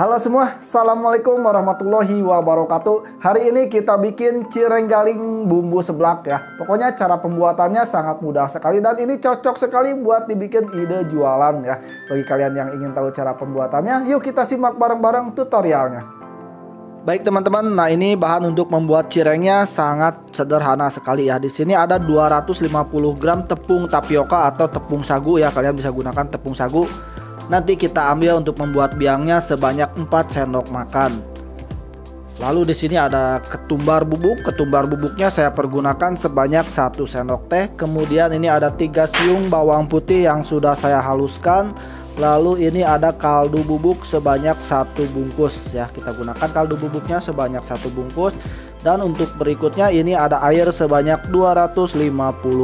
Halo semua, Assalamualaikum warahmatullahi wabarakatuh Hari ini kita bikin cireng galing bumbu seblak ya Pokoknya cara pembuatannya sangat mudah sekali Dan ini cocok sekali buat dibikin ide jualan ya Bagi kalian yang ingin tahu cara pembuatannya Yuk kita simak bareng-bareng tutorialnya Baik teman-teman, nah ini bahan untuk membuat cirengnya sangat sederhana sekali ya. Di sini ada 250 gram tepung tapioka atau tepung sagu ya. Kalian bisa gunakan tepung sagu Nanti kita ambil untuk membuat biangnya sebanyak 4 sendok makan. Lalu di sini ada ketumbar bubuk. Ketumbar bubuknya saya pergunakan sebanyak 1 sendok teh. Kemudian ini ada 3 siung bawang putih yang sudah saya haluskan. Lalu ini ada kaldu bubuk sebanyak satu bungkus ya. Kita gunakan kaldu bubuknya sebanyak satu bungkus. Dan untuk berikutnya ini ada air sebanyak 250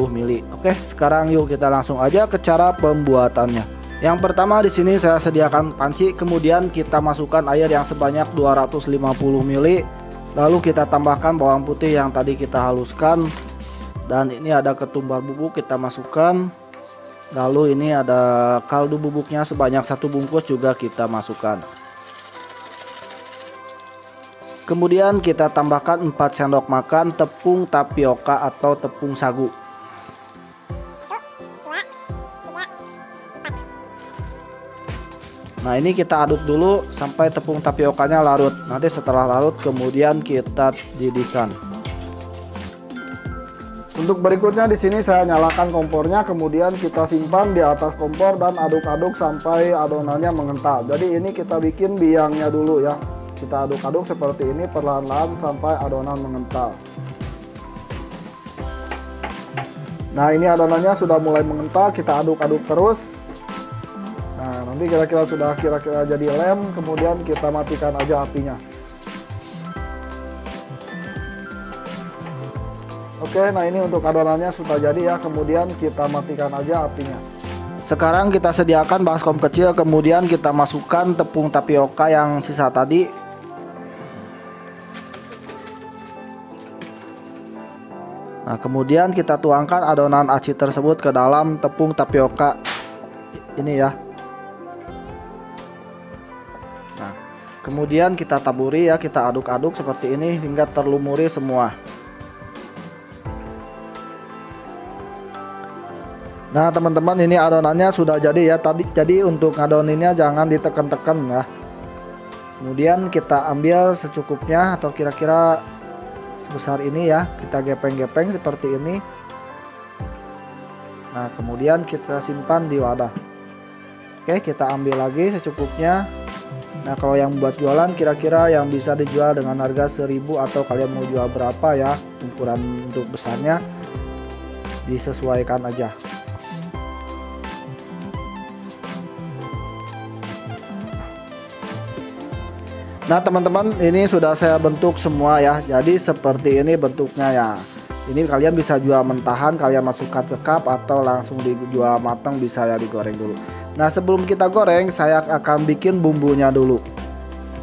ml. Oke, sekarang yuk kita langsung aja ke cara pembuatannya. Yang pertama di sini saya sediakan panci, kemudian kita masukkan air yang sebanyak 250 ml. Lalu kita tambahkan bawang putih yang tadi kita haluskan. Dan ini ada ketumbar bubuk kita masukkan. Lalu ini ada kaldu bubuknya sebanyak satu bungkus juga kita masukkan. Kemudian kita tambahkan 4 sendok makan tepung tapioka atau tepung sagu. Nah ini kita aduk dulu sampai tepung tapiokanya larut. Nanti setelah larut kemudian kita didihkan. Untuk berikutnya di sini saya nyalakan kompornya, kemudian kita simpan di atas kompor dan aduk-aduk sampai adonannya mengental. Jadi ini kita bikin biangnya dulu ya. Kita aduk-aduk seperti ini perlahan-lahan sampai adonan mengental. Nah ini adonannya sudah mulai mengental, kita aduk-aduk terus Nah, nanti kira-kira sudah kira-kira jadi lem, kemudian kita matikan aja apinya. Oke, nah ini untuk adonannya sudah jadi ya, kemudian kita matikan aja apinya. Sekarang kita sediakan baskom kecil, kemudian kita masukkan tepung tapioka yang sisa tadi. Nah, kemudian kita tuangkan adonan aci tersebut ke dalam tepung tapioka ini ya. Kemudian kita taburi ya, kita aduk-aduk seperti ini hingga terlumuri semua. Nah teman-teman ini adonannya sudah jadi ya tadi jadi untuk adoninnya jangan ditekan-tekan ya. Kemudian kita ambil secukupnya atau kira-kira sebesar ini ya kita gepeng-gepeng seperti ini. Nah kemudian kita simpan di wadah. Oke kita ambil lagi secukupnya. Nah kalau yang buat jualan kira-kira yang bisa dijual dengan harga 1000 atau kalian mau jual berapa ya ukuran untuk besarnya disesuaikan aja. Nah teman-teman ini sudah saya bentuk semua ya jadi seperti ini bentuknya ya ini kalian bisa jual mentahan kalian masukkan ke cup atau langsung dijual matang bisa ya digoreng dulu Nah sebelum kita goreng saya akan bikin bumbunya dulu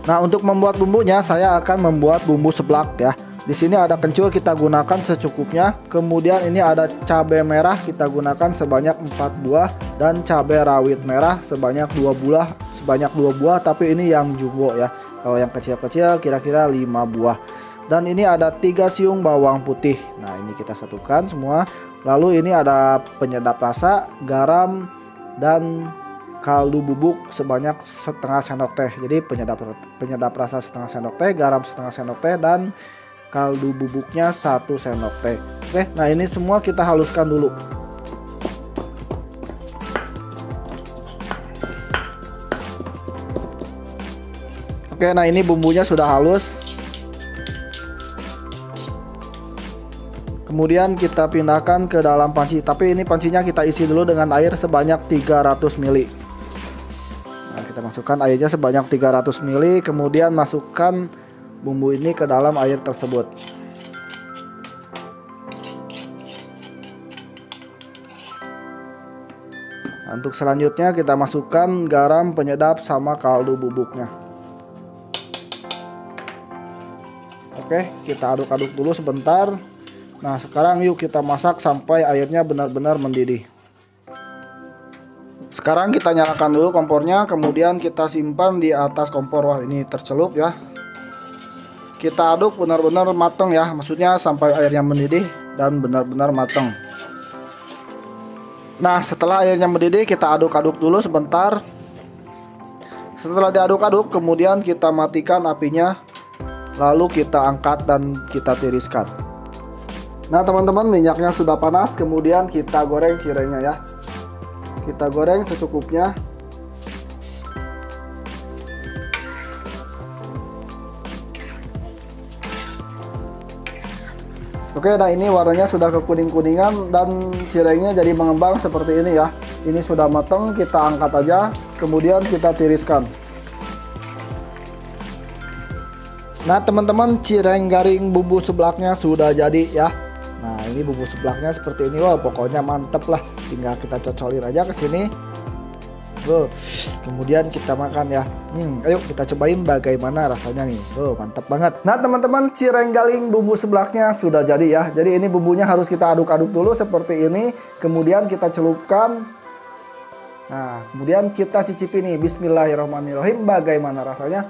Nah untuk membuat bumbunya saya akan membuat bumbu seblak ya di sini ada kencur kita gunakan secukupnya kemudian ini ada cabai merah kita gunakan sebanyak 4 buah dan cabai rawit merah sebanyak 2 buah sebanyak 2 buah tapi ini yang jumbo ya kalau yang kecil-kecil kira-kira 5 buah dan ini ada 3 siung bawang putih nah ini kita satukan semua lalu ini ada penyedap rasa garam dan kaldu bubuk sebanyak setengah sendok teh. Jadi penyedap penyedap rasa setengah sendok teh, garam setengah sendok teh dan kaldu bubuknya satu sendok teh. Oke, nah ini semua kita haluskan dulu. Oke, nah ini bumbunya sudah halus. Kemudian kita pindahkan ke dalam panci, tapi ini pancinya kita isi dulu dengan air sebanyak 300 ml kita masukkan airnya sebanyak 300 ml kemudian masukkan bumbu ini ke dalam air tersebut nah, Untuk selanjutnya kita masukkan garam penyedap sama kaldu bubuknya. Oke, kita aduk-aduk dulu sebentar. Nah, sekarang yuk kita masak sampai airnya benar-benar mendidih sekarang kita nyalakan dulu kompornya kemudian kita simpan di atas kompor wah ini tercelup ya kita aduk benar-benar matang ya maksudnya sampai airnya mendidih dan benar-benar matang nah setelah airnya mendidih kita aduk-aduk dulu sebentar setelah diaduk-aduk kemudian kita matikan apinya lalu kita angkat dan kita tiriskan nah teman-teman minyaknya sudah panas kemudian kita goreng cirengnya ya kita goreng secukupnya Oke, nah ini warnanya sudah kekuning-kuningan dan cirengnya jadi mengembang seperti ini ya. Ini sudah matang, kita angkat aja, kemudian kita tiriskan. Nah, teman-teman, cireng garing bumbu seblaknya sudah jadi ya. Nah ini bumbu seblaknya seperti ini wow pokoknya mantep lah tinggal kita cocolin aja ke sini kemudian kita makan ya hmm, ayo kita cobain bagaimana rasanya nih loh mantep banget nah teman-teman cireng galing bumbu sebelaknya sudah jadi ya jadi ini bumbunya harus kita aduk-aduk dulu seperti ini kemudian kita celupkan nah kemudian kita cicipi nih bismillahirrahmanirrahim bagaimana rasanya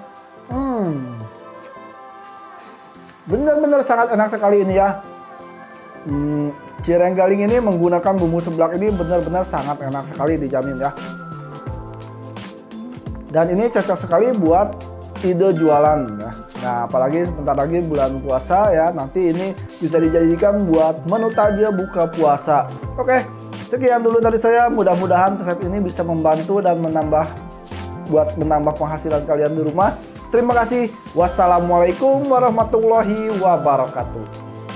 hmm bener-bener sangat enak sekali ini ya Hmm, galing ini menggunakan bumbu seblak ini benar-benar sangat enak sekali dijamin ya. Dan ini cocok sekali buat ide jualan ya. Nah, apalagi sebentar lagi bulan puasa ya. Nanti ini bisa dijadikan buat menu tajil buka puasa. Oke, sekian dulu dari saya. Mudah-mudahan resep ini bisa membantu dan menambah buat menambah penghasilan kalian di rumah. Terima kasih. Wassalamualaikum warahmatullahi wabarakatuh.